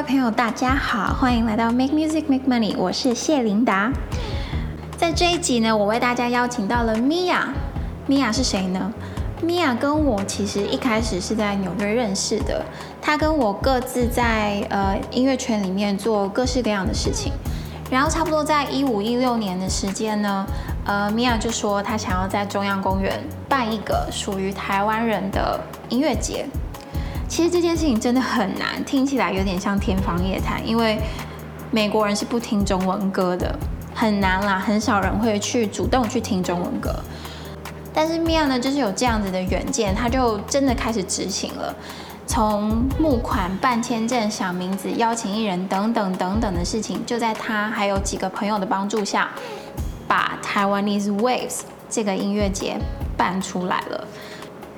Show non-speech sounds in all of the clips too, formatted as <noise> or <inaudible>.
各位朋友，大家好，歡迎來到 Make Music Make Money，我是謝琳達。在這一集呢，我為大家邀請到了 Mia。Mia 是誰呢？Mia 跟我其實一開始是在紐約認識的，她跟我各自在呃音樂圈裡面做各式各樣的事情。然後差不多在一五一六年的時間呢，呃，Mia 就說她想要在中央公園辦一個屬於台灣人的音樂節。其實這件事情真的很難，聽起來有點像天方夜譚，因為美國人是不聽中文歌的，很難啦，很少人會去主動去聽中文歌。但是 Mia 呢，就是有這樣子的遠見，他就真的開始執行了，從募款、辦簽證、想名字、邀請藝人等等等等的事情，就在他還有幾個朋友的幫助下，把 Taiwanese Waves 這個音樂節辦出來了。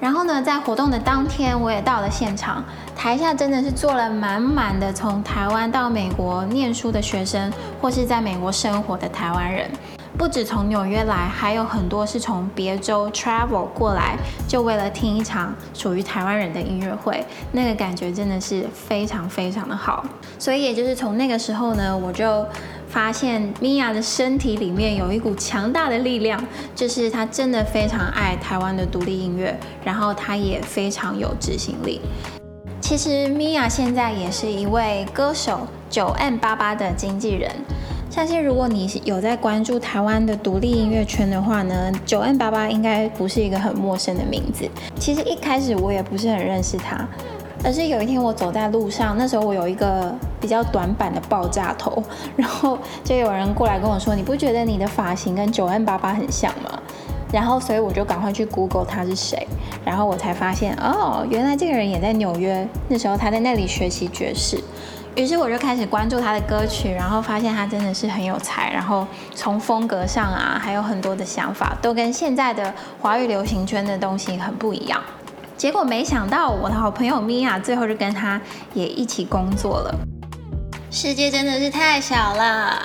然後呢，在活動的當天，我也到了現場，台下真的是坐了滿滿的從台灣到美國念書的學生，或是在美國生活的台灣人，不止從紐約來，還有很多是從別州 travel 過來，就為了聽一場屬於台灣人的音樂會，那個感覺真的是非常非常的好，所以也就是從那個時候呢，我就。發現 Mia 的身體裡面有一股強大的力量，就是她真的非常愛台灣的獨立音樂，然後她也非常有執行力。其實 Mia 現在也是一位歌手 9m88 的經紀人。相信如果你有在關注台灣的獨立音樂圈的話呢，9m88 應該不是一個很陌生的名字。其實一開始我也不是很認識她。而是有一天我走在路上，那時候我有一個比較短版的爆炸頭，然後就有人過來跟我說：“你不覺得你的髮型跟 9m88 很像嗎？”然後所以我就趕快去 Google 他是誰，然後我才發現哦，原來這個人也在紐約，那時候他在那裡學習爵士。於是我就開始關注他的歌曲，然後發現他真的是很有才，然後從風格上啊，還有很多的想法都跟現在的華語流行圈的東西很不一樣。結果沒想到，我的好朋友 Mia 最後就跟他也一起工作了。世界真的是太小了，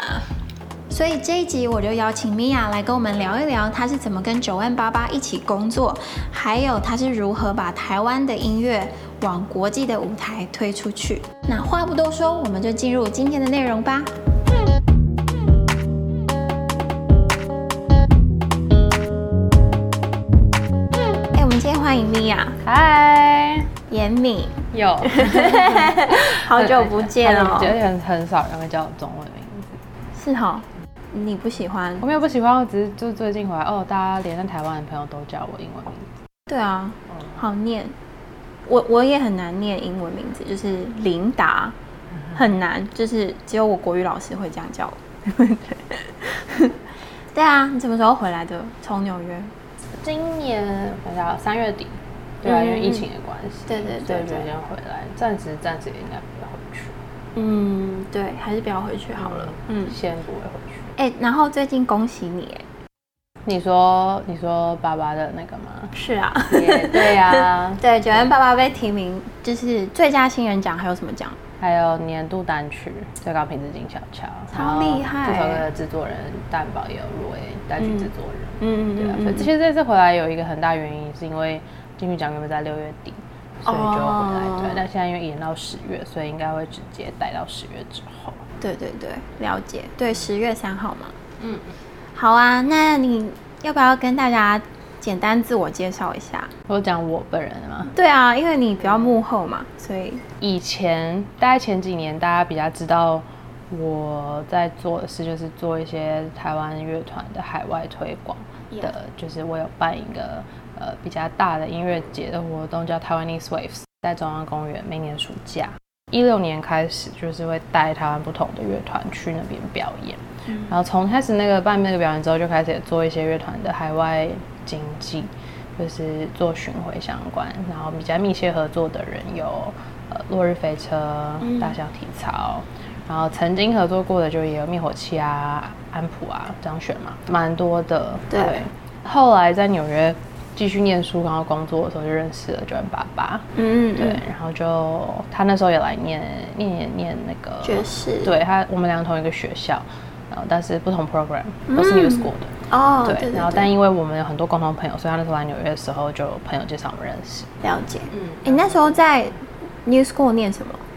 所以這一集我就邀請 Mia 來跟我們聊一聊，他是怎麼跟 9m88 一起工作，還有他是如何把台灣的音樂往國際的舞台推出去。那話不多說，我們就進入今天的內容吧。米米啊，嗨 Hi，嚴敏，有， <laughs> 好久不見了，哦。我覺得很很少人會叫我中文名字，是哈，哦，你不喜歡？我沒有不喜歡，我只是就最近回來哦，大家連在台灣的朋友都叫我英文名字。對啊，好念，我我也很難念英文名字，就是琳達，很難，就是只有我國語老師會這樣叫我。 <laughs> 對啊，你什麼時候回來的？從紐約？今年等下三月底，對啊，因為疫情的關係，對對對，就先回來，暫時暫時也應該不要回去。嗯，對，還是不要回去好了。嗯，先不會回去。哎，然後最近恭喜你！哎，你說你說爸爸的那個嗎？是啊，對呀，對，9m88 被提名就是最佳新人獎，還有什麼獎？還有年度單曲、最高品質靜悄悄，超厲害！這首歌的製作人蛋堡也有入圍單曲製作人。嗯，嗯，嗯，嗯，對啊，對，其實這次回來有一個很大原因，是因為金曲獎原本在六月底，所以就回來。對，那現在因為延到十月，所以應該會直接待到十月之後。對對對，了解。對，十月三號嘛。嗯，好啊，那你要不要跟大家簡單自我介紹一下？我講我本人嘛。對啊，因為你比較幕後嘛，所以以前大概前幾年大家比較知道。我在做的事就是做一些台灣樂團的海外推廣的。就是我有辦一個呃比較大的音樂節的活動，叫 Taiwanese Waves，在中央公園，每年暑假，一六年開始就是會帶台灣不同的樂團去那邊表演，然後從開始那個辦那個表演之後，就開始也做一些樂團的海外經紀，就是做巡迴相關，然後比較密切合作的人有呃落日飛車、大象體操。然後曾經合作過的就也有滅火器啊、安普啊這樣選嘛，蠻多的。對，對，後來在紐約繼續念書，然後工作的時候就認識了 9m88。嗯對，然後就他那時候也來念念念念那個爵士。對他，我們兩個同一個學校，然後但是不同 program，都是 New School 的。嗯、對哦，對，對，對。然後但因為我們有很多共同朋友，所以他那時候來紐約的時候就朋友介紹我們認識。了解。嗯，你那時候在 New School 念什麼？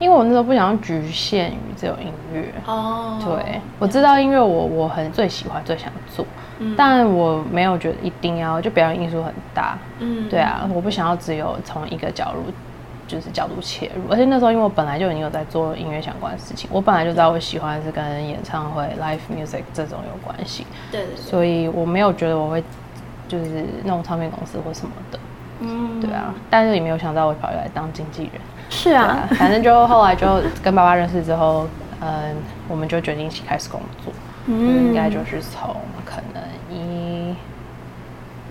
因為我那時候不想要局限於這種音樂哦，oh, 對，嗯、我知道音樂我我很最喜歡最想做，嗯、但我沒有覺得一定要就表演藝術很大，嗯，對啊，我不想要只有從一個角度就是角度切入，而且那時候因為我本來就已經有在做音樂相關的事情，我本來就知道我喜歡是跟演唱會 live music 這種有關係，對，對，對，對，所以我沒有覺得我會就是那種唱片公司或什麼的，嗯，對啊，但是也沒有想到我跑來當經紀人。是啊,啊，反正就後來就跟88認識之後， <laughs> 嗯，我們就決定一起開始工作，嗯，應該就是從可能一，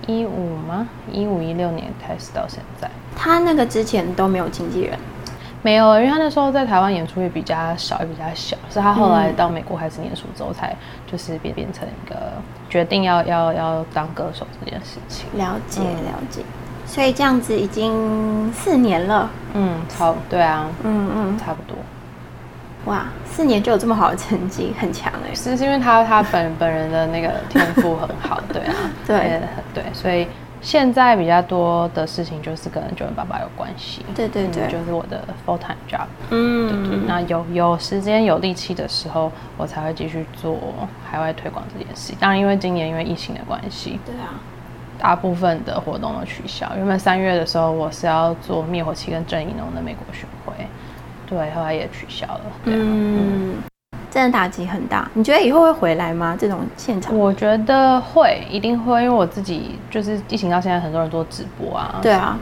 一五嗎？一五一六年開始到現在。他那個之前都沒有經紀人，沒有，因為他那時候在台灣演出也比較少，也比較小，是他後來到美國開始念書之後才就是變變成一個決定要要要當歌手這件事情。了解了解。了解嗯所以這樣子已經四年了，嗯，超對啊，嗯嗯，差不多，哇，四年就有這麼好的成績，很強哎，欸，是是因為他他本本人的那個天賦很好，對啊， <laughs> 對，欸、對，所以現在比較多的事情就是跟 9m88 有關係，對對對，嗯，就是我的 full time job，嗯，那有有時間有力氣的時候，我才會繼續做海外推廣這件事，當然因為今年因為疫情的關係，對啊。大部分的活動都取消。原本三月的時候，我是要做滅火器跟鄭宜農的美國巡迴，對，後來也取消了。對啊、嗯，嗯，真的打擊很大。你覺得以後會回來嗎？這種現場？我覺得會，一定會，因為我自己就是疫情到現在，很多人做直播啊。對啊。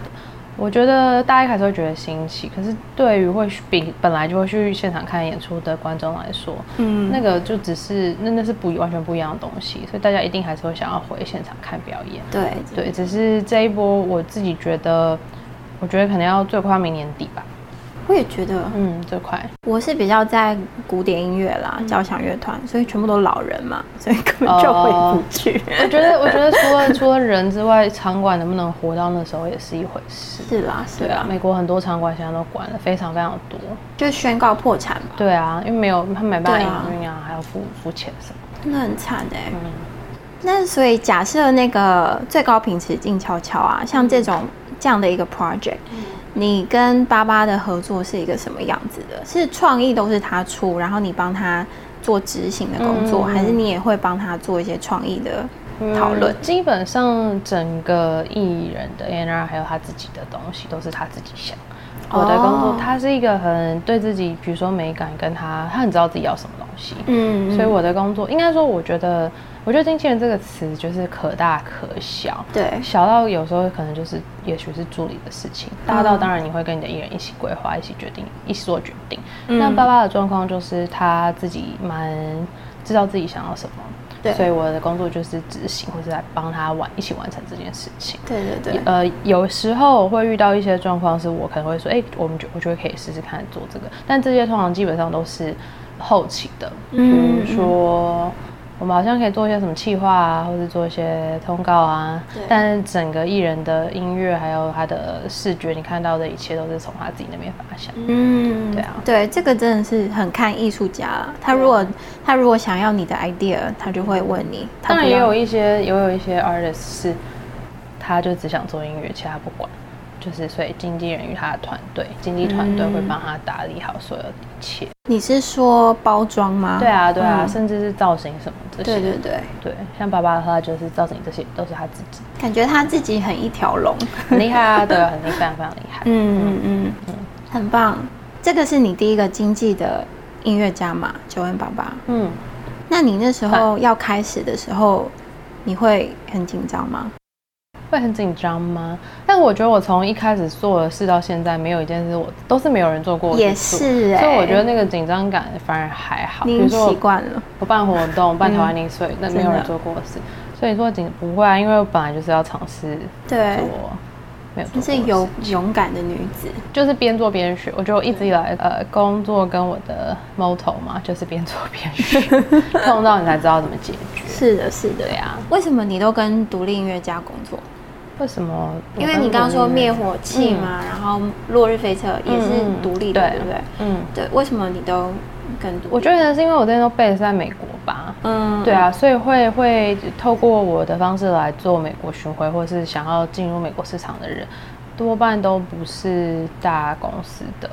我覺得大家一開始會覺得新奇，可是對於會比本來就會去現場看演出的觀眾來說，嗯，那個就只是那那是不完全不一樣的東西，所以大家一定還是會想要回現場看表演。對對，對，只是這一波，我自己覺得，我覺得可能要最快明年底吧。我也覺得，嗯，這塊我是比較在古典音樂啦，交響樂團，所以全部都老人嘛，所以根本就回不去。我覺得，我覺得除了除了人之外，場館能不能活到那時候也是一回事。是啦，是啊，美國很多場館現在都關了，非常非常多，就宣告破產。對啊，因為沒有他沒辦法營運啊，還要付付錢什麼，真的很慘哎。嗯。那所以假設那個最高品質靜悄悄啊，像這種這樣的一個 project。你跟88的合作是一個什麼樣子的？是創意都是他出，然後你幫他做執行的工作，嗯、還是你也會幫他做一些創意的討論？嗯、基本上整個藝人的 A&R 還有他自己的東西都是他自己想。哦、我的工作，他是一個很對自己，比如說美感，跟他，他很知道自己要什麼東西。嗯，所以我的工作，應該說，我覺得。我覺得“經紀人”這個詞就是可大可小，對，小到有時候可能就是，也許是助理的事情；大到當然你會跟你的藝人一起規劃、一起決定、一起做決定。嗯、那88的狀況就是他自己蠻知道自己想要什麼，對，所以我的工作就是執行，或是來幫他完一起完成這件事情。對對對。呃，有時候會遇到一些狀況，是我可能會說：“哎，我們覺我覺得可以試試看做這個。”但這些通常基本上都是後期的，比如說。嗯嗯我們好像可以做一些什麼企劃啊，或者做一些通告啊，對但是整個藝人的音樂還有他的視覺，你看到的一切都是從他自己那邊發想。嗯，對啊，對，這個真的是很看藝術家啊。他如果對他如果想要你的 idea，他就會問你。他當然也有一些也有一些 artist 是，他就只想做音樂，其他不管。就是，所以經紀人與他的團隊，經紀團隊會幫他打理好所有的一切。嗯、你是說包裝嗎？對啊，對啊，嗯、甚至是造型、什麼這些。對對對對，對，像88的話，就是造型這些都是他自己。感覺他自己很一條龍，很厲害啊，對啊，很厲，非常非常厲害。嗯嗯 <laughs> 嗯，嗯嗯很棒。這個是你第一個經紀的音樂家嘛，9m88。嗯，那你那時候要開始的時候，你會很緊張嗎？會很緊張嗎？但我覺得我從一開始做的事到現在，沒有一件事我都是沒有人做過。也是，所以我覺得那個緊張感反而還好。你習慣了。我辦活動，辦台灣零碎，但那沒有人做過的事，所以你說緊不會啊？因為我本來就是要嘗試對沒有。就是有勇敢的女子，就是邊做邊學。我覺得我一直以來，呃，工作跟我的 motto 嘛，就是邊做邊學，碰到你才知道怎麼解決。是的，是的呀。為什麼你都跟獨立音樂家工作？為什麼？因為你剛剛說滅火器嘛，嗯、然後落日飛車也是獨立的，嗯、對不對？對嗯，對。為什麼你都跟獨立？我覺得是因為我這邊都背在美國吧。嗯，對啊，所以會會透過我的方式來做美國巡回，或是想要進入美國市場的人，多半都不是大公司的。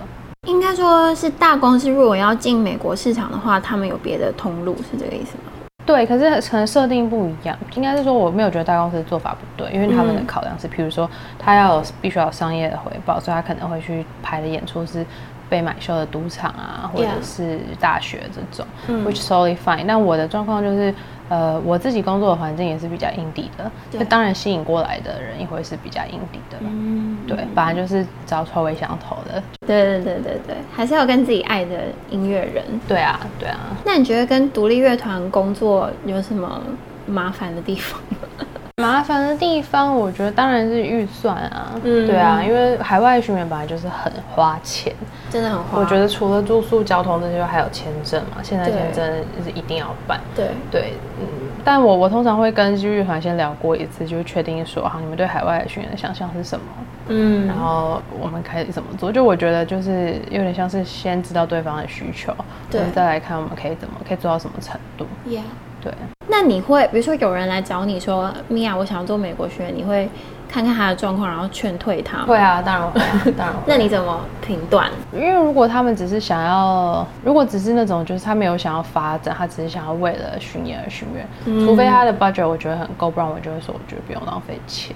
應該說是大公司，如果要進美國市場的話，他們有別的通路，是這個意思嗎？對，可是可能設定不一樣，應該是說我沒有覺得大公司的做法不對，因為他們的考量是，嗯、譬如說他要有必須要有商業的回報，所以他可能會去排的演出是被買秀的賭場啊，或者是大學這種、嗯，which is totally fine。那我的狀況就是。呃，我自己工作的環境也是比較硬地的，那對當然吸引過來的人也會是比較硬地的了。嗯，對，反正就是找臭味相投的。對對對對對，還是要跟自己愛的音樂人。對啊，對啊。那你覺得跟獨立樂團工作有什麼麻煩的地方？麻煩的地方，我覺得當然是預算啊，嗯、對啊，因為海外的巡演本來就是很花錢，真的很花。我覺得除了住宿、交通這些，還有簽證嘛，現在簽證是一定要辦。對對，對嗯，但我我通常會跟機遇團先聊過一次，就確定說哈、啊，你們對海外的巡演的想象是什麼，嗯，然後我們可以怎麼做。就我覺得就是有點像是先知道對方的需求，對再來看我們可以怎麼可以做到什麼程度。Yeah，對。那你會，比如說有人來找你說，米婭，我想要做美國巡演。你會看看他的狀況，然後勸退他？會啊，當然會。當然會 <laughs> 那你怎麼評斷？因為如果他們只是想要，如果只是那種，就是他沒有想要發展，他只是想要為了巡演而巡演，嗯、除非他的 budget 我覺得很夠不然，不然我就會說，我覺得不用浪費錢。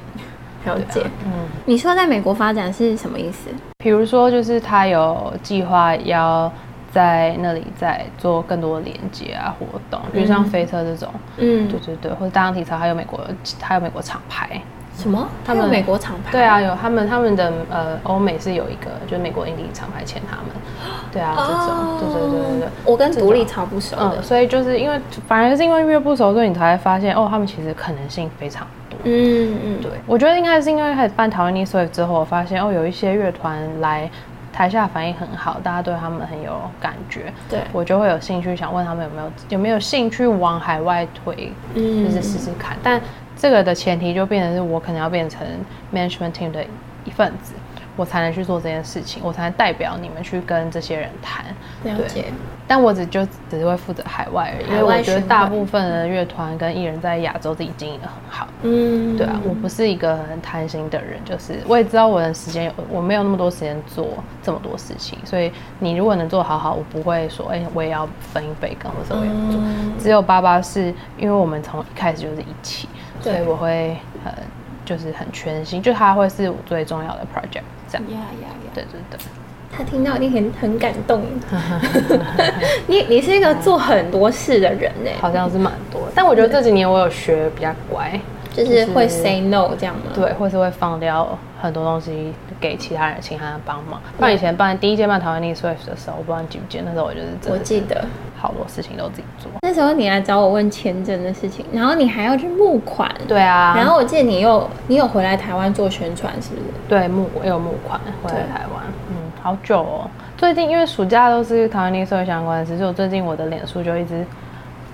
了解。啊、嗯。你說在美國發展是什麼意思？比如說，就是他有計劃要。在那裡在做更多的連接啊活動，嗯、比如像飛車這種，嗯，對對對，或者大象體操，還有美國還有美國廠牌，什麼？他們美國廠牌？對啊，有他們他們的呃歐美是有一個，就是美國 indie 廠牌簽他們，對啊，這種，哦、對對對對對。我跟獨立超不熟的、嗯，所以就是因為反而是因為越不熟，所以你才發現哦，他們其實可能性非常多。嗯嗯，對，我覺得應該是因為開始辦 Taiwanese Waves 之後，我發現哦，有一些樂團來。台下反應很好，大家對他們很有感覺，對我就會有興趣，想問他們有沒有有沒有興趣往海外推，就是、嗯、試試看。但這個的前提就變成是我可能要變成 management team 的一份子，我才能去做這件事情，我才能代表你們去跟這些人談。了解。對但我只就只是會負責海外而已，因為我覺得大部分的樂團跟藝人，在亞洲自己經營的很好。嗯，對啊，我不是一個很貪心的人，就是我也知道我的時間，我沒有那麼多時間做這麼多事情。所以你如果能做好好，我不會說，哎，我也要分一杯羹或者怎麼做。只有88是因為我們從一開始就是一起，所以我會很就是很全心，就他會是我最重要的 project 這樣。對對對。他聽到一定很很感動。 <laughs> <laughs> 你。你你是一個做很多事的人呢？好像是蠻多。對 但我覺得這幾年我有學比較乖，就是會 say no 這樣嘛，對，或是會放掉很多東西。給其他人，請他們幫忙。那以前辦第一屆辦 Taiwanese Waves 的時候，我不知道你記不記得，那時候我就是真的，我記得好多事情都自己做。那時候你來找我問簽證的事情，然後你還要去募款，對啊。然後我記得你又你有回來台灣做宣傳，是不是？對，募違又有募款回來台灣。對嗯，好久哦。最近因為暑假都是 Taiwanese Waves 相關的事，所以我最近我的臉書就一直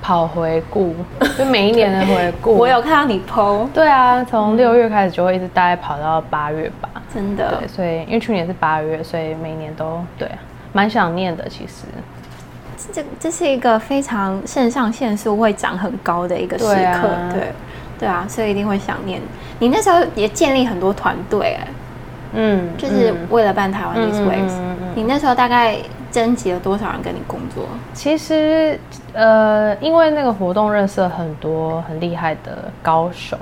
跑回顧，就每一年的回顧。 <laughs> 我有看到你 PO。對啊，從六月開始就會一直待跑到八月吧。真的，對，所以因為去年是八月，所以每年都對，蠻想念的。其實，這這是一個非常腎上腺素會長很高的一個時刻，對啊、對，對啊，所以一定會想念。你那時候也建立很多團隊、欸，哎，嗯，就是為了辦 Taiwanese Waves、嗯、嗯、你那時候大概徵集了多少人跟你工作？其實，呃，因為那個活動認識很多很厲害的高手。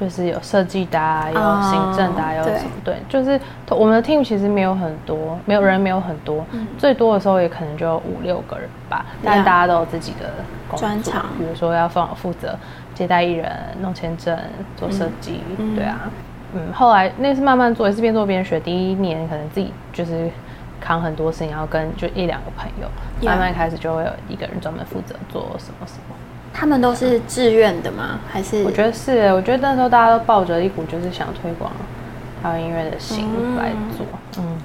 就是有設計的、啊，有行政的、啊，oh, 有什麼？對，就是我們的 team 其實沒有很多，沒有人沒有很多，嗯、最多的時候也可能就五六個人吧。嗯、但大家都有自己的專長。長比如說要分負責接待藝人、弄簽證、做設計，嗯、對啊，嗯。後來那是慢慢做，也是邊做邊學。第一年可能自己就是扛很多事情，要跟就一兩個朋友，慢慢開始就會有一個人專門負責做什麼什麼。他們都是志願的嗎？還是我覺得是，我覺得那時候大家都抱着一股就是想推廣還有音樂的心來做。嗯、嗯，嗯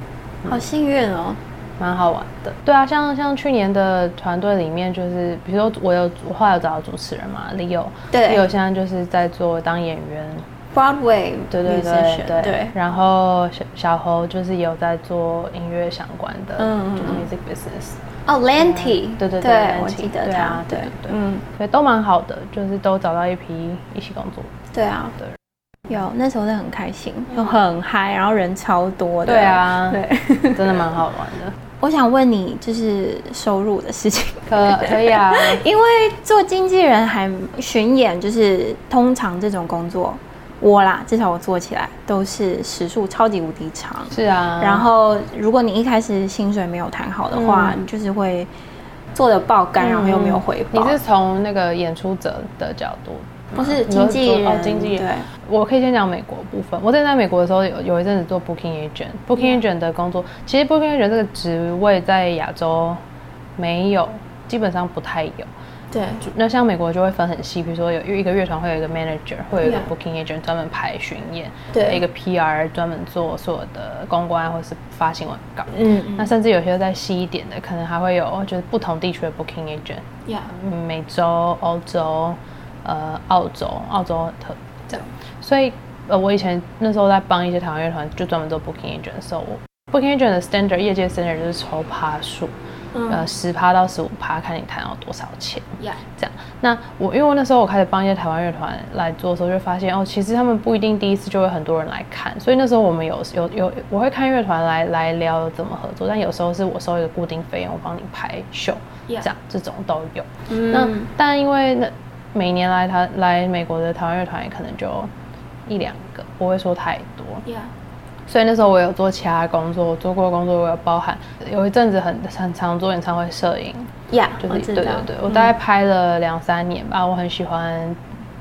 嗯好幸運哦，蠻好玩的。對啊，像像去年的團隊裡面，就是比如說我有我後來有找到主持人嘛，Leo，Leo 對 Leo 現在就是在做當演員，Broadway，對對對對。然後小小侯就是有在做音樂相關的，嗯、嗯就是，Music Business。哦、oh，Lanty、嗯、對對對，對 Lanty，我記得他，對啊，對對對，對對對嗯，所以都蠻好的，就是都找到一批一起工作，對啊，有那時候是很開心，又、嗯、很嗨，然後人超多的，對啊，對，真的蠻好玩的。 <laughs> 我想問你，就是收入的事情，可可以啊？ <laughs> 因為做經紀人還巡演，就是通常這種工作。我啦，至少我做起來都是時數超級無敵長。是啊，然後如果你一開始薪水沒有談好的話，嗯、你就是會做得爆肝，嗯、然後又沒有回報。你是從那個演出者的角度，不是,是經紀人、哦？經紀人，對我可以先講美國部分。我在在美國的時候有有一陣子做 booking agent，booking Yeah. agent 的工作，其實 booking agent 這個職位在亞洲沒有，基本上不太有。對，那像美國就會分很細，比如說有一個樂團會有一個 manager，會有一個 booking agent 專門排巡演，對，一個 PR 專門做所有的公關或是發行文稿。嗯，嗯，那甚至有些再細一點的，可能還會有就是不同地區的 booking agent，、嗯、美洲、歐洲、呃澳洲，澳洲很特別這樣。對所以呃，我以前那時候在幫一些台灣樂團，就專門做 booking agent 對。呃、book agent, so 我 booking agent 的 standard，業界 standard 就是抽趴數。嗯、呃，十趴到十五趴，看你談到多少錢，Yeah. 這樣。那我因為那時候我開始幫一些台灣樂團來做的時候，就發現哦，其實他們不一定第一次就會很多人來看，所以那時候我們有有有，我會看樂團來來聊怎麼合作，但有時候是我收一個固定費用，我幫你排秀，Yeah. 這樣這種都有。嗯、那但因為那每年來台來美國的台灣樂團也可能就一兩個，不會說太多。Yeah. 所以那時候我有做其他工作，我做過的工作我有包含，有一陣子很很常做演唱會攝影，呀 Yeah,、就是，我知道對對對，嗯、我大概拍了兩三年吧，我很喜歡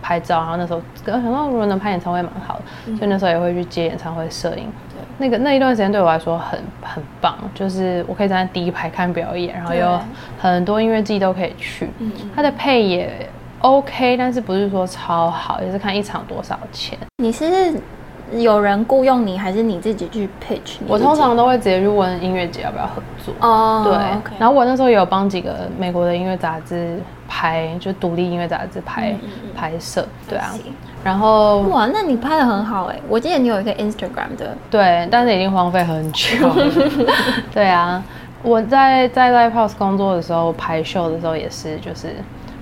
拍照，然後那時候想到如果能拍演唱會蠻好的，嗯、所以那時候也會去接演唱會攝影，嗯、那個那一段時間對我來說很很棒，就是我可以站在第一排看表演，然後有很多音樂季都可以去，嗯，它的配也 OK，但是不是說超好，也是看一場多少錢，你是。有人雇傭你，還是你自己去 pitch？我通常都會直接去問音樂節要不要合作。哦，oh, okay. 對。然後我那時候也有幫幾個美國的音樂雜誌拍，就獨立音樂雜誌拍、mm hmm. 拍攝。對啊。然後哇，那你拍得很好哎、欸！我記得你有一個 Instagram 的。對，但是已經荒廢很久。 <laughs> 對啊，我在在 Live House 工作的時候拍秀的時候也是，就是。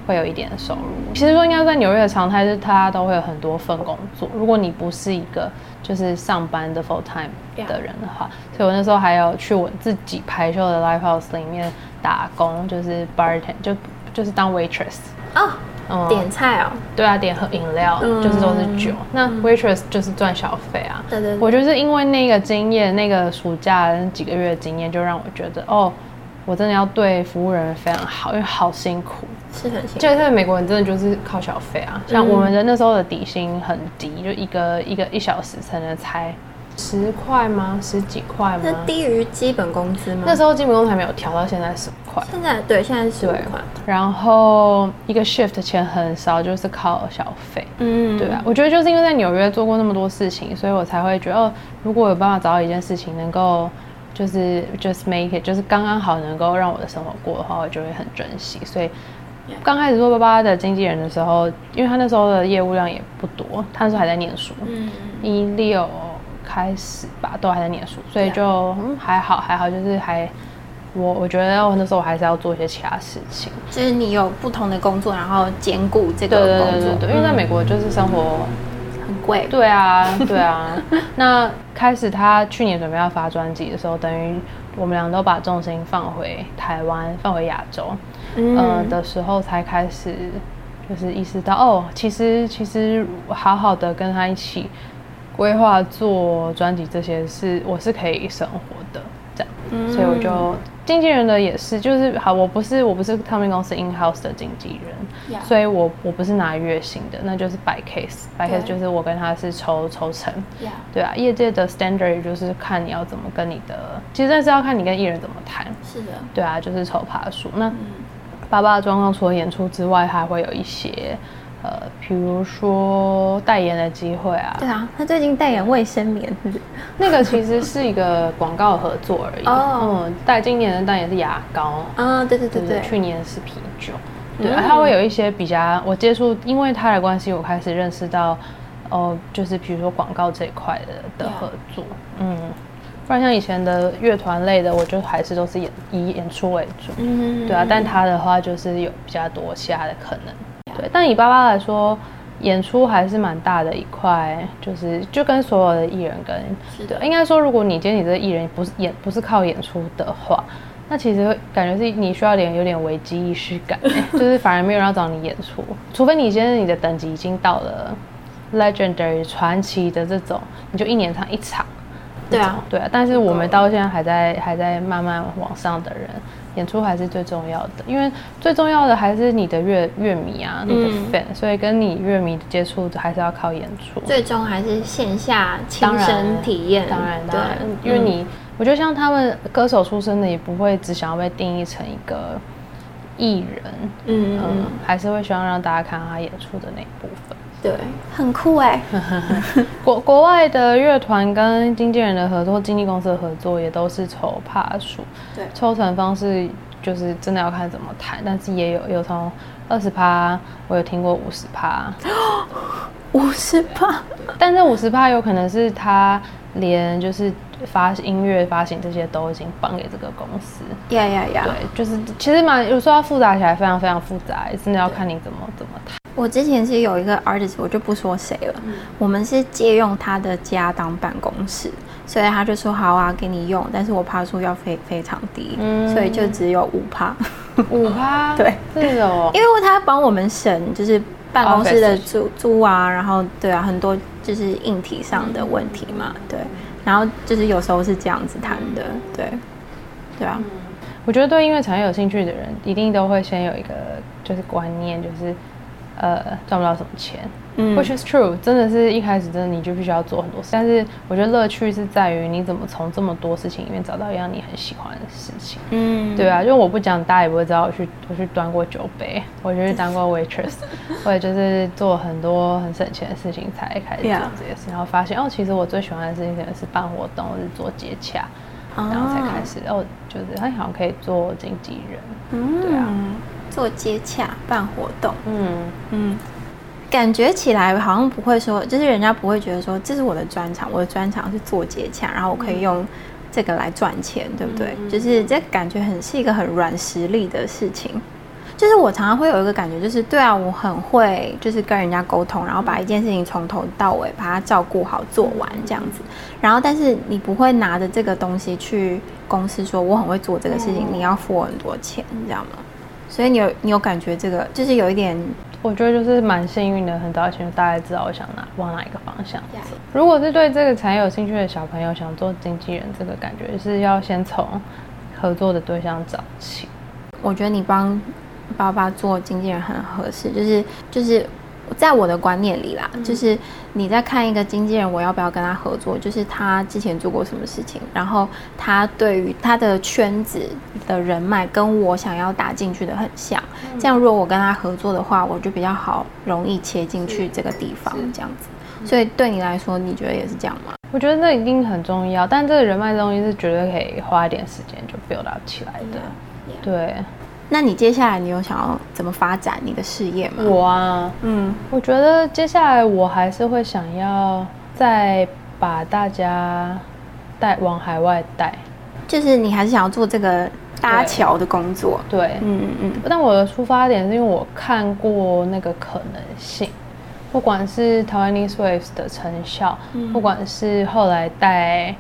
會有一點收入。其實說應該在紐約的常態是，他都會有很多份工作。如果你不是一個就是上班的 full time 的人的話，嗯、所以我那時候還要去我自己排秀的 live house 裡面打工，就是 bartender 就就是當 waitress 哦、嗯、點菜哦，對啊，點喝飲料，嗯、就是都是酒。那 waitress、嗯、就是賺小費啊。嗯、對，對對。我就是因為那個經驗，那個暑假的那幾個月的經驗，就讓我覺得，哦，我真的要對服務人非常好，因為好辛苦。是很辛苦，就是美國人真的就是靠小費啊。嗯、像我們的那時候的底薪很低，就一個一個一小時才能才十塊嗎？十幾塊嗎？那低於基本工資嗎？那時候基本工資還沒有調到現在十塊。現在對，現在十塊。然後一個 shift 的錢很少，就是靠小費。嗯，對吧、啊？我覺得就是因為在紐約做過那麼多事情，所以我才會覺得，哦、如果有辦法找到一件事情能夠就是 just make it，就是剛剛好能夠讓我的生活過的話，我就會很珍惜。所以。剛開始做88的經紀人的時候，因為他那時候的業務量也不多，他那時候還在念書，嗯，一六開始吧，都還在念書，所以就還好、嗯、還好，就是還我我覺得我那時候我還是要做一些其他事情，就是你有不同的工作，然後兼顧這個工作，對對對對，嗯、因為在美國就是生活、嗯、很貴，對啊對啊，對啊 <laughs> 那開始他去年準備要發專輯的時候，等於。我們倆都把重心放回台灣，放回亞洲，嗯、呃，的時候才開始，就是意識到哦，其實其實好好的跟他一起規劃做專輯這些事，我是可以生活的，這樣，嗯、所以我就。經紀人的也是，就是好，我不是我不是唱片公司 in house 的經紀人，Yeah. 所以我我不是拿月薪的，那就是 by case, by case 就是我跟他是抽抽成，Yeah. 對啊，業界的 standard 就是看你要怎麼跟你的，其實那是要看你跟藝人怎麼談，是的，對啊，就是抽趴數。那88的狀況，除了演出之外，還會有一些。呃，比如說代言的機會啊，對啊，他最近代言衛生棉，是是那個其實是一個廣告合作而已。哦，oh. 嗯，但今年的代言是牙膏啊，oh, 對對對對是是，去年是啤酒，對，他、嗯啊、會有一些比較我接觸，因為他的關係，我開始認識到，哦、呃，就是比如說廣告這一塊的的合作，啊、嗯，不然像以前的樂團類的，我就還是都是演以演出為主，嗯，對啊，但他的話就是有比較多其他的可能。對，但以88來說，演出還是蠻大的一塊，欸，就是就跟所有的藝人跟，是的，應該說，如果你今天你這個藝人不是演不是靠演出的話，那其實會感覺是你需要有點有點危機意識感，欸， <laughs> 就是反而沒有人要找你演出，除非你今天你的等級已經到了 legendary 傳奇的這種，你就一年唱一場，對啊，對啊，但是我們到現在還在還在慢慢往上的人。演出還是最重要的，因為最重要的還是你的樂樂迷啊，你的 fan，、嗯、所以跟你樂迷的接觸還是要靠演出。最終還是線下親身體驗，當然，當然對當然，因為你，嗯、我覺得像他們歌手出身的，也不會只想要被定義成一個藝人，嗯、呃，還是會希望讓大家看到他演出的那一部分。對，很酷哎、欸！ <laughs> 國國外的樂團跟經紀人的合作，經紀公司的合作也都是抽趴數。對，抽成方式就是真的要看怎麼談，但是也有有從二十趴，我有聽過五十趴。五十趴，但這五十趴有可能是他連就是。發音樂發行這些都已經放給這個公司，呀呀呀！對，就是其實嘛，有時候複雜起來非常非常複雜，真的要看你怎麼怎麼談。我之前是有一個 artist，我就不說誰了，嗯、我們是借用他的家當辦公室，所以他就說好啊，給你用，但是我怕數要非非常低，嗯、所以就只有五趴，五趴，啊、對，是哦，因為他幫我們省就是辦公室的租 okay, 租啊，然後對啊，很多就是硬體上的問題嘛，嗯、對。然後就是有時候是這樣子談的，對，對啊。我覺得對音樂產業有興趣的人，一定都會先有一個就是觀念，就是。呃，賺不到什麼錢，嗯，which is true，真的是一開始真的你就必須要做很多事，但是我覺得樂趣是在於你怎麼從這麼多事情裡面找到一樣你很喜歡的事情，嗯，對啊，因為我不講，大家也不會知道我去我去端過酒杯，我就去當過 waitress，我也 <laughs> 就是做很多很省錢的事情才開始講這些事，Yeah. 然後發現哦，其實我最喜歡的事情可能是辦活動，或是做接洽，然後才開始、啊、哦，就是很好像可以做經紀人，嗯，對啊。做接洽、辦活動，嗯嗯，嗯，感覺起來好像不會說，就是人家不會覺得說這是我的專長，我的專長是做接洽，然後我可以用這個來賺錢，嗯、對不對？就是這個感覺很是一個很軟實力的事情。就是我常常會有一個感覺，就是對啊，我很會，就是跟人家溝通，然後把一件事情從頭到尾把它照顧好、做完這樣子。然後，但是你不會拿着這個東西去公司說我很會做這個事情，嗯、你要付我很多錢，你知道嗎？所以你有你有感覺，這個就是有一點，我覺得就是蠻幸運的，很早以前就大概知道我想哪往哪一個方向走。Yeah. 如果是對這個產業有興趣的小朋友，想做經紀人，這個感覺就是要先從合作的對象找起。我覺得你幫爸爸做經紀人很合適，就是就是。在我的觀念裡啦，嗯、就是你在看一個經紀人，我要不要跟他合作？就是他之前做過什麼事情，然後他對於他的圈子的人脈跟我想要打進去的很像，嗯、這樣如果我跟他合作的話，我就比較好容易切進去這個地方，這樣子。嗯、所以對你來說，你覺得也是這樣嗎？我覺得這一定很重要，但這個人脈的東西是絕對可以花一點時間就 build 起來的。Yeah, yeah. 對。那你接下來你有想要怎麼發展你的事業嗎？我啊，嗯，我覺得接下來我還是會想要再把大家帶往海外帶，就是你還是想要做這個搭橋的工作。對，嗯嗯嗯。但我的出發點是因為我看過那個可能性，不管是 Taiwanese Waves 的成效，嗯、不管是後來帶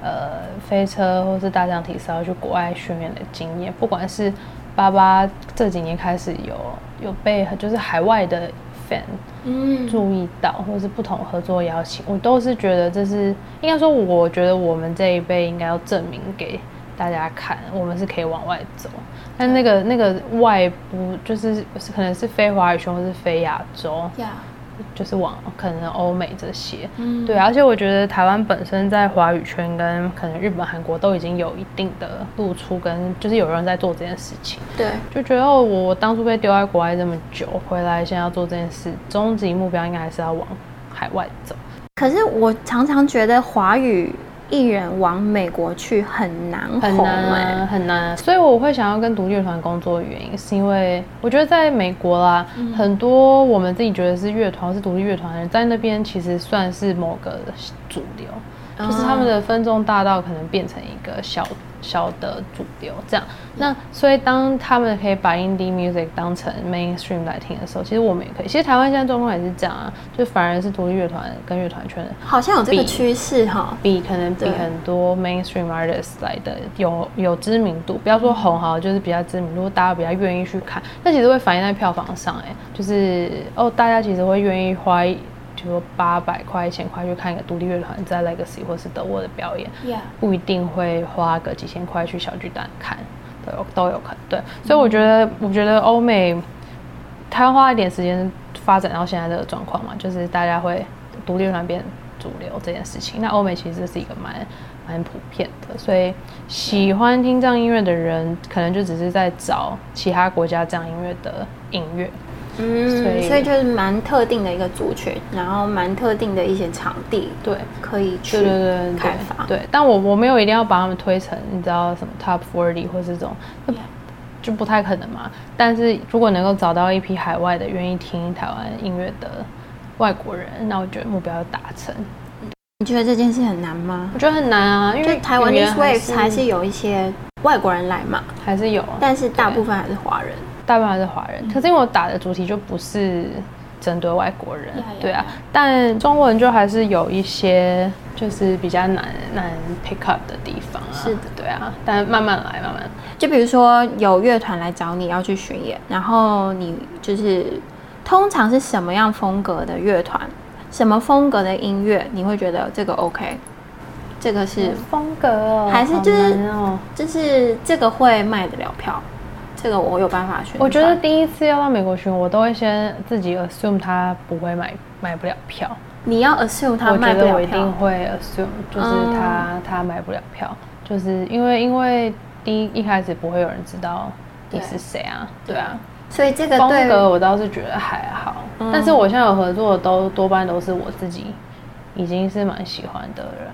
呃飛車或是大象體操去國外訓練的經驗，不管是。88這幾年開始有有被就是海外的 fan 注意到，嗯、或者是不同合作邀請，我都是覺得這是應該說，我覺得我們這一輩應該要證明給大家看，我們是可以往外走。但那個對那個外部就是可能是非華語區，或是非亞洲。Yeah. 就是往可能歐美這些，嗯，對，而且我覺得台灣本身在華語圈跟可能日本、韓國都已經有一定的露出，跟就是有人在做這件事情，對，就覺得我當初被丟在國外這麼久，回來現在要做這件事，終極目標應該還是要往海外走。可是我常常覺得華語。藝人往美國去很難紅哎、欸，很難。所以我會想要跟獨立樂團工作的原因，是因為我覺得在美國啦，嗯、很多我們自己覺得是樂團，是獨立樂團的人，在那邊其實算是某個主流，啊、就是他們的分眾大到可能變成一個小。小的主流這樣，那所以當他們可以把 indie music 當成 mainstream 來聽的時候，其實我們也可以。其實台灣現在狀況也是這樣啊，就反而是獨立樂團跟樂團圈好像有這個趨勢哈，比、哦、比可能比很多 mainstream artists 來的有有知名度，不要說紅哈，就是比較知名。如果大家比較願意去看，那其實會反映在票房上，欸、就是哦，大家其實會願意花。比如八百塊錢、一千塊去看一個獨立樂團在 Legacy 或是德沃的表演，Yeah. 不一定會花個幾千塊去小巨蛋看，都有都有可能。對，所以我覺得，我覺得歐美他要花一點時間發展到現在這個狀況嘛，就是大家會獨立樂團變主流這件事情。那歐美其實是一個蠻蠻普遍的，所以喜歡聽這樣音樂的人，可能就只是在找其他國家這樣音樂的音樂。嗯，所以，所以就是蠻特定的一個族群，然後蠻特定的一些場地，對，可以去開發。對，但我我沒有一定要把他們推成你知道什麼 top forty 或是這種，就，Yeah. 就不太可能嘛。但是如果能夠找到一批海外的願意聽台灣音樂的外國人，那我覺得目標要達成。你覺得這件事很難嗎？我覺得很難啊，因為台灣的 Waves 還是有一些外國人來嘛，還是有，但是大部分還是華人。大部分還是華人，可是因為我打的主題就不是針對外國人，嗯、對，啊對啊。但中文就還是有一些就是比較難難 pick up 的地方、啊、是的，對啊。但慢慢來，慢慢。就比如說有樂團來找你要去巡演，然後你就是通常是什麼樣風格的樂團，什麼風格的音樂，你會覺得這個 OK？這個是、嗯、風格、哦，還是就是、哦、就是這個會賣得了票？這個我有辦法選。我覺得第一次要到美國去，我都會先自己 assume 他不會買買不了票。你要 assume 他買不了票。我覺得我一定會 assume，就是他、嗯、他買不了票，就是因為因為第一,一開始不會有人知道你是誰啊。對，對啊，所以這個風格我倒是覺得還好。嗯、但是我現在有合作的都多半都是我自己，已經是蠻喜歡的人。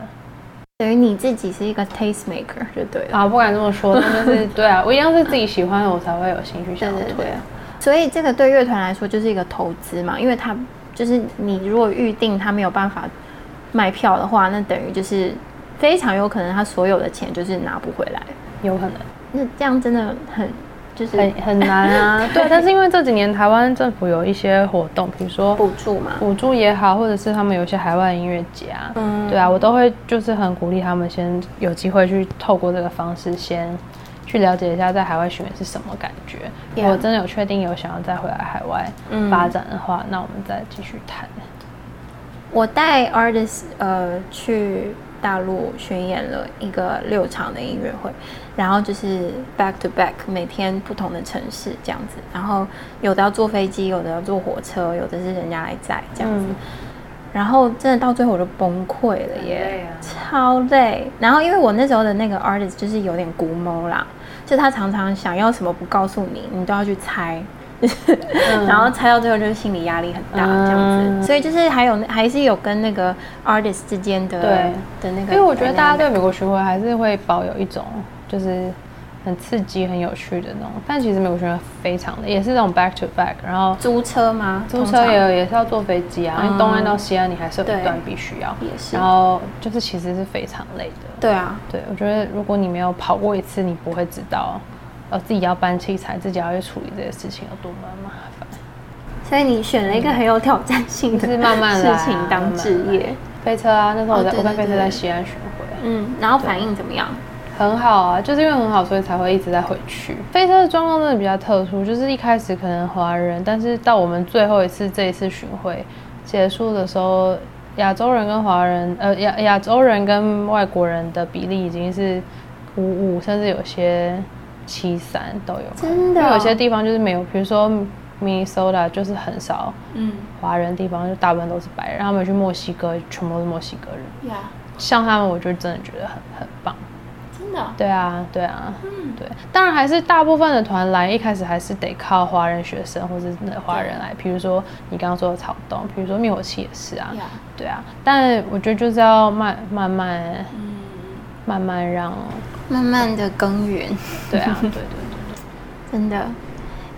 等於你自己是一個 taste maker 就對了啊。不敢這麼說，但、就是 <laughs> 對啊，我一樣是自己喜歡的，我才會有興趣想要推啊。對對對，所以這個對樂團來說就是一個投資嘛，因為他就是你如果預定他沒有辦法賣票的話，那等於就是非常有可能他所有的錢就是拿不回來，有可能。那這樣真的很。很就很難啊，對，但是因為這幾年台灣政府有一些活動，比如說補助嘛，補助也好，或者是他們有一些海外音樂節啊，嗯，對啊，我都會就是很鼓勵他們先有機會去透過這個方式先去了解一下在海外巡演是什麼感覺。如果真的有確定有想要再回來海外發展的話，那我們再繼續談，呃。我帶 artist 呃去。大陸巡演了一個六場的音樂會，然後就是 back to back，每天不同的城市這樣子，然後有的要坐飛機，有的要坐火車，有的是人家來載這樣子，嗯、然後真的到最後我就崩潰了耶，超累啊，超累。然後因為我那時候的那個 artist 就是有點古某啦，就他常常想要什麼不告訴你，你都要去猜。 <laughs> 嗯、然後猜到最後就是心理壓力很大這樣子，嗯、所以就是還有還是有跟那個 artist 之間的對的那個，因為我覺得大家對美國巡回還是會保有一種就是很刺激、很有趣的那種，但其實美國巡回非常的也是這種 back to back，然後租車嗎？租車也有，也是要坐飛機啊，通常。因為東岸到西岸你還是有一段必須要，也是，然後就是其實是非常累的。對啊，對我覺得如果你沒有跑過一次，你不會知道。呃、哦，自己要搬器材，自己要去處理這些事情，有多麼麻煩，所以你選了一個很有挑戰性的事情當職業慢慢，飛車啊！那時候我在，哦、對對對，我跟飛車在西安巡回。嗯，然後反應怎麼樣？很好啊，就是因為很好，所以才會一直在回去。嗯、飛車的狀況真的比較特殊，就是一開始可能華人，但是到我們最後一次這一次巡回結束的時候，亞洲人跟華人，呃，亞亞洲人跟外國人的比例已經是五五，甚至有些。七三都有，真的，有些地方就是沒有，比如說 Minnesota 就是很少，嗯，華人地方就大部分都是白人，他們去墨西哥，全部都是墨西哥人，像他們，我就真的覺得很很棒，真的，對啊，對啊，對，當然還是大部分的團來一開始還是得靠華人學生或者那華人來，比如說你剛剛說的草東，比如說滅火器也是啊，對啊，但我覺得就是要慢慢慢。慢慢讓，慢慢的耕耘。對啊， <laughs> 對，對對對對，真的。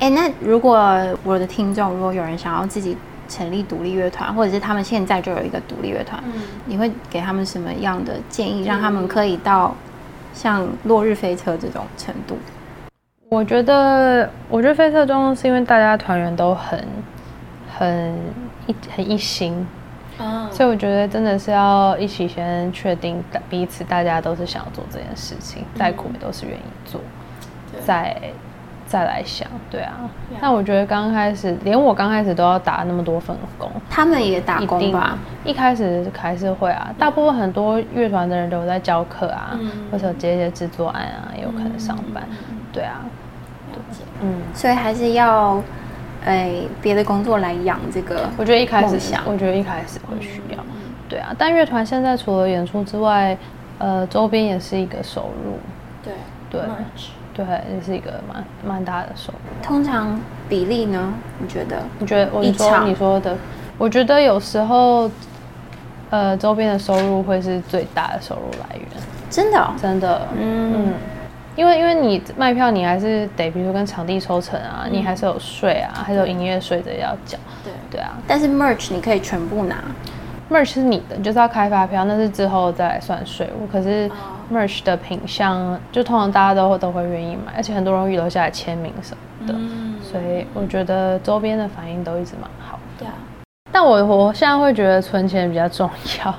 哎、欸，那如果我的聽眾，如果有人想要自己成立獨立樂團，或者是他們現在就有一個獨立樂團，嗯、你會給他們什麼樣的建議，讓他們可以到像落日飛車這種程度？我覺得，我覺得飛車中是因為大家團員都很很，很一很一心。Oh. 所以我覺得真的是要一起先確定彼此，大家都是想要做這件事情，再、嗯、苦也都是願意做，對再再來想，對啊。Oh, yeah. 那我覺得剛開始，連我剛開始都要打那麼多份工，他們也打工吧？一,一開始還是會啊，大部分很多樂團的人都有在教課啊，嗯、或者接一些制作案啊，也有可能上班，嗯嗯嗯嗯嗯對啊，解對嗯，所以還是要。哎，別的工作來養這個，我覺得一開始想，我覺得一開始會需要，嗯、對啊。但樂團現在除了演出之外，呃，周邊也是一個收入，對對、嗯、對，也是一個蠻蠻大的收入。通常比例呢？你覺得？你覺得我一場？你說你說的，我覺得有時候，呃，周邊的收入會是最大的收入來源，真的、哦、真的，嗯。嗯因為因為你賣票，你還是得，比如說跟場地抽成啊，嗯、你還是有稅啊，對還是有營業稅的要繳。對對啊，但是 merch 你可以全部拿，merch 是你的，就是要開發票，那是之後再來算稅務。可是 merch 的品相，就通常大家都都會願意買，而且很多人會留下來簽名什麼的，嗯、所以我覺得周邊的反應都一直蠻好的。啊、但我我現在會覺得存錢比較重要。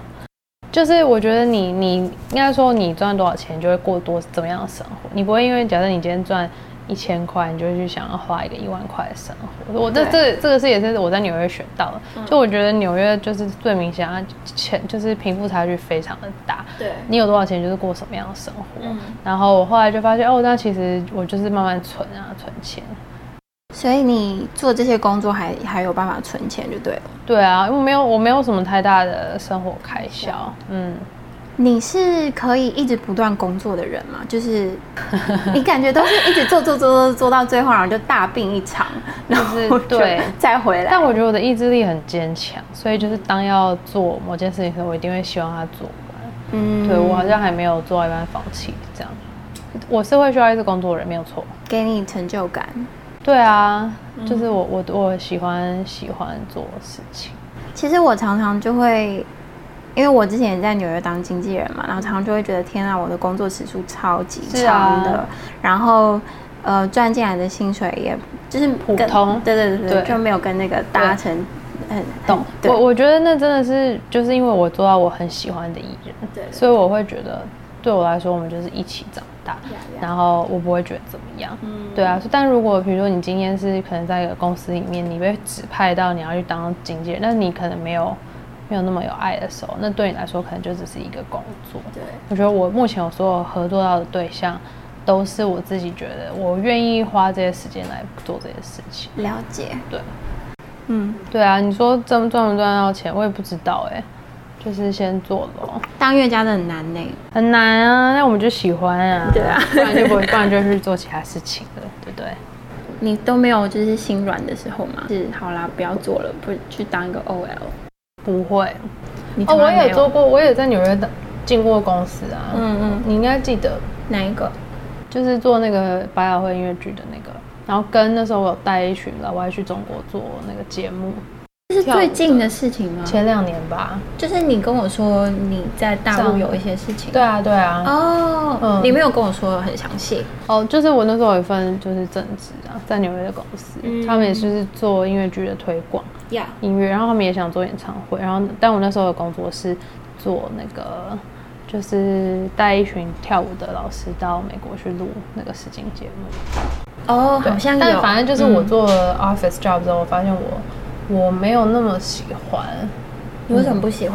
就是我覺得你，你應該說你賺多少錢就會過多怎麼樣的生活，你不會因為假設你今天賺一千塊，你就會去想要花一個一萬塊的生活。我這對這個、這個是也是我在紐約學到的。嗯、就我覺得紐約就是最明顯啊，錢就是貧富差距非常的大。對，你有多少錢就是過什麼樣的生活。嗯、然後我後來就發現哦，那其實我就是慢慢存啊，存錢。所以你做這些工作還還有辦法存錢就對了。對啊，因為我沒有我沒有什麼太大的生活開銷。開銷嗯，你是可以一直不斷工作的人嗎？就是 <laughs> 你感覺都是一直做做做做做到最後，然後就大病一場， <laughs> 後就是對再回來。但我覺得我的意志力很堅強，所以就是當要做某件事情的時候，我一定會希望他做完。嗯，對我好像還沒有做到一半放棄這樣。我是會需要一直工作的人，沒有錯。給你成就感。對啊，就是我、嗯、我我喜歡喜歡做事情。其實我常常就會，因為我之前也在紐約當經紀人嘛，然後常常就會覺得天啊，我的工作時數超級長的，啊、然後呃賺進來的薪水也就是普通，對對對對，對就沒有跟那個達成很動。我我覺得那真的是就是因為我做到我很喜歡的藝人，對，對，對，所以我會覺得對我來說，我們就是一起長。然後我不會覺得怎麼樣。嗯，對啊。但如果比如說你今天是可能在一個公司裡面，你被指派到你要去當經紀人，那你可能沒有沒有那麼有愛的時候，那對你來說可能就只是一個工作。對，我覺得我目前我所有合作到的對象，都是我自己覺得我願意花這些時間來做這些事情。了解。對。嗯，對啊。你說賺賺不賺到錢，我也不知道哎、欸。就是先做囉，當音樂家的很難呢、欸，很難啊。那我們就喜歡啊，對啊不不，不然就不不然就去做其他事情了， <laughs> 對不對？你都沒有就是心軟的時候嗎？就是，好啦，不要做了，不去當一個 OL，不會。哦，我也做過，我也在紐約的，進過公司啊。嗯嗯，你應該記得哪一個？就是做那個百老匯音樂劇的那個，然後跟那時候我帶一群老外去中國做那個節目。這是最近的事情嗎？前兩年吧。就是你跟我說你在大陸有一些事情。對啊，對啊。哦，oh, 嗯，你沒有跟我說的很詳細。哦，oh, 就是我那時候有一份就是正職啊，在紐約的公司，嗯、他們也是做音樂劇的推廣，Yeah. 音樂。然後他們也想做演唱會，然後但我那時候的工作是做那個，就是帶一群跳舞的老師到美國去錄那個實境節目。哦、oh, 對，好像有。但反正就是我做了、嗯、office job 之後，我發現我。我沒有那麼喜歡，嗯、你為什麼不喜歡？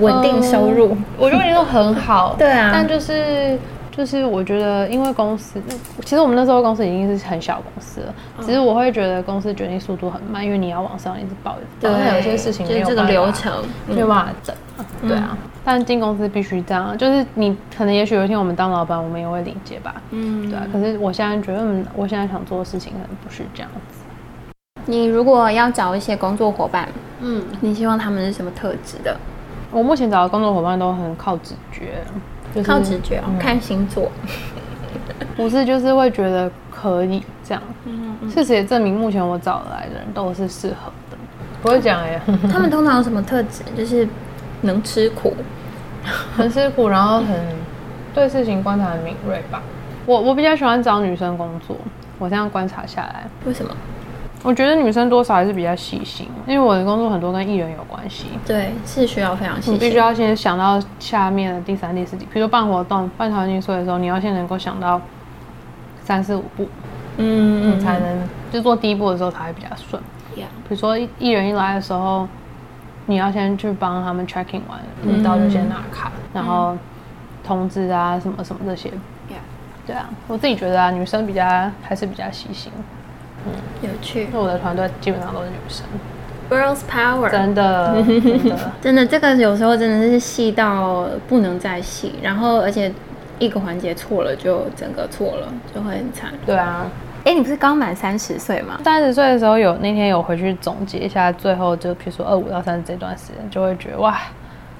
穩定收入，嗯、我覺得你都很好。對啊，但就是就是，我覺得因為公司，其實我們那時候公司已經是很小公司了。其實我會覺得公司決定速度很慢，因為你要往上一直報，對，對，有些事情就是這個流程沒有辦法等。對啊，嗯、但進公司必須這樣，啊，就是你可能也許有一天我們當老闆，我們也會理解吧。嗯，對啊。嗯、可是我現在覺得，我現在想做的事情可能不是這樣子。你如果要找一些工作夥伴，嗯，你希望他們是什麼特質的？我目前找的工作夥伴都很靠直覺，就是、靠直覺，嗯、看星座， <laughs> 不是就是會覺得可以這樣。嗯，嗯，事實也證明，目前我找的來的人都是適合的。不會講哎、欸。他們通常有什麼特質？就是能吃苦，很吃苦，然後很對事情觀察很敏銳吧。嗯、我我比較喜歡找女生工作，我這樣觀察下來，為什麼？我覺得女生多少還是比較細心，因為我的工作很多跟藝人有關係，對，是需要非常細心。你必須要先想到下面的第三第四步，比如說辦活動、辦場景的時候，你要先能夠想到三四五步，嗯，嗯，你才能就做第一步的時候才會比較順。對、嗯，比如說藝人一來的時候，你要先去幫他們 checking 完，嗯，你到就先拿卡，嗯、然後通知啊什麼什麼這些。嗯、對啊，我自己覺得啊，女生比較還是比較細心。嗯、有趣，那我的團隊基本上都是女生，Girls Power， 真的，真的， <laughs> 真的，這個有時候真的是細到不能再細，然後而且一個環節錯了就整個錯了，就會很慘。對啊，哎、欸，你不是剛滿三十歲嗎？三十歲的時候有那天有回去總結一下，最後就譬如說二五到三十這段時間，就會覺得哇。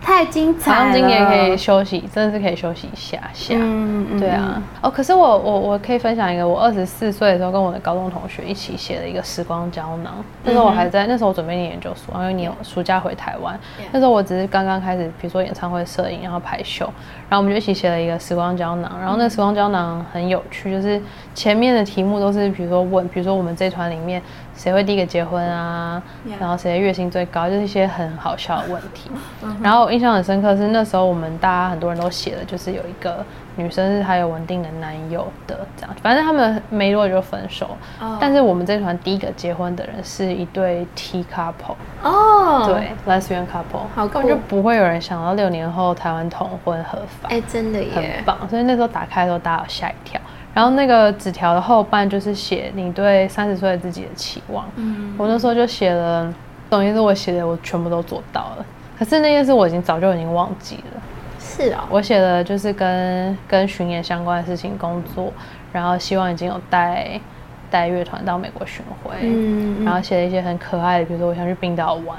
太精彩了，後今年可以休息，嗯、真的是可以休息一下下。嗯嗯，對啊。哦，可是我我我可以分享一個，我二十四歲的時候跟我的高中同學一起寫了一個時光膠囊。嗯、哼那時候我還在，那時候我準備念研究所，因為你有暑假回台灣。嗯、那時候我只是剛剛開始，比如說演唱會攝影，然後排秀，然後我們就一起寫了一個時光膠囊。然後那個時光膠囊很有趣，就是前面的題目都是比如說問，比如說我們這一團裡面。誰會第一個結婚啊？Yeah. 然後誰的月薪最高？就是一些很好笑的問題。Uh huh. 然後印象很深刻是那時候我們大家很多人都寫的，就是有一個女生是還有穩定的男友的，這樣。反正他們沒多久就分手。Oh. 但是我們這一團第一個結婚的人是一對 T couple 哦，對 Lesbian couple 好酷。好，根本就不會有人想到六年後台灣同婚合法。哎、欸，真的耶，很棒。所以那時候打開的時候，大家有嚇一跳。然後那個紙條的後半就是寫你對三十歲的自己的期望。嗯，我那時候就寫了，等於是，我寫的，我全部都做到了。可是那件事我已經早就已經忘記了。是啊，哦，我寫了就是跟跟巡演相關的事情，工作，然後希望已經有帶帶樂團到美國巡回。嗯，然後寫了一些很可愛的，比如說我想去冰島玩，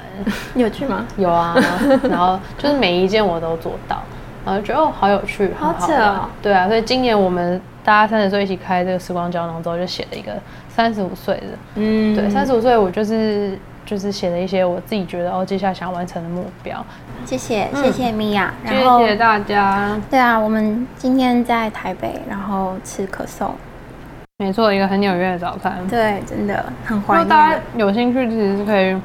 你有去嗎？有啊， <laughs> 然後就是每一件我都做到。啊，覺得好有趣，好巧，對啊，所以今年我們大家三十歲一起開這個時光膠囊之後，就寫了一個三十五歲的，嗯，對，三十五歲我就是就是寫了一些我自己覺得哦，接下來想要完成的目標。謝謝，謝謝米婭，謝謝大家。對啊，我們今天在台北，然後吃可頌，沒錯，一個很紐約的早餐，對，真的很懷念。如果大家有興趣，其實是可以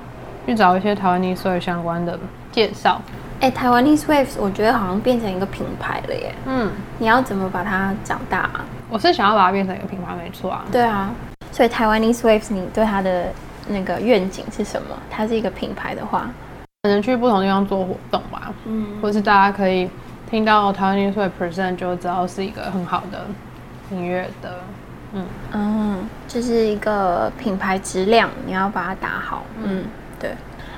去找一些 Taiwanese Waves 相關的介紹。哎，Taiwanese Waves，我覺得好像變成一個品牌了耶。嗯，你要怎麼把它長大啊？我是想要把它變成一個品牌，沒錯啊。對啊，所以 Taiwanese Waves，你對它的那個願景是什麼？它是一個品牌的話，可能去不同地方做活動吧。嗯，或者是大家可以聽到 Taiwanese Waves Present 就知道是一個很好的音樂的。嗯嗯，就是一個品牌質量，你要把它打好。嗯，嗯，對。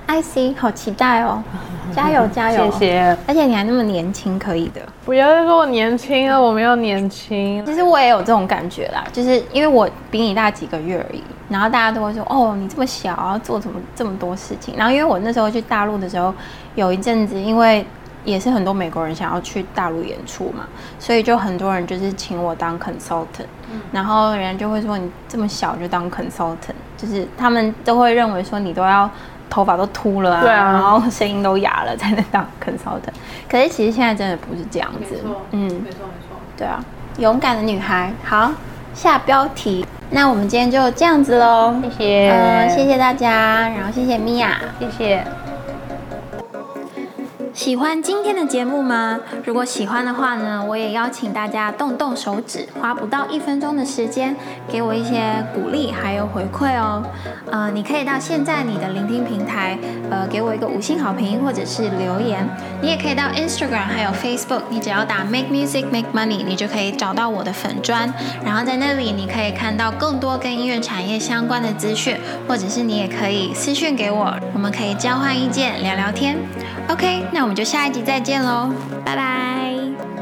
I see，好期待哦！加油加油！謝謝。而且你還那麼年輕，可以的。不要再說我年輕了，我沒有年輕。其實我也有這種感覺啦，就是因為我比你大幾個月而已。然後大家都會說：“哦，你這麼小，要做怎麼這麼多事情？”然後因為我那時候去大陸的時候，有一陣子，因為也是很多美國人想要去大陸演出嘛，所以就很多人就是請我當 consultant。然後人家就會說：“你這麼小就當 consultant，就是他們都會認為說你都要。”頭髮都禿了啊，對啊，然後聲音都啞了，才能當啃燒的。可是其實現在真的不是這樣子，嗯，沒錯，沒錯沒錯，對啊，勇敢的女孩，好下標題。那我們今天就這樣子嘍，謝謝，嗯、呃，謝謝大家，然後謝謝 Mia，謝謝。喜歡今天的節目嗎？如果喜歡的話呢，我也邀請大家動動手指，花不到一分鐘的時間，給我一些鼓勵還有回饋哦。呃，你可以到現在你的聆聽平台，呃，給我一個五星好評或者是留言。你也可以到 Instagram 還有 Facebook，你只要打 Make Music Make Money，你就可以找到我的粉專。然後在那裡你可以看到更多跟音樂產業相關的資訊，或者是你也可以私訊給我，我們可以交換意見聊聊天。OK，那。那我們就下一集再見嘍，拜拜。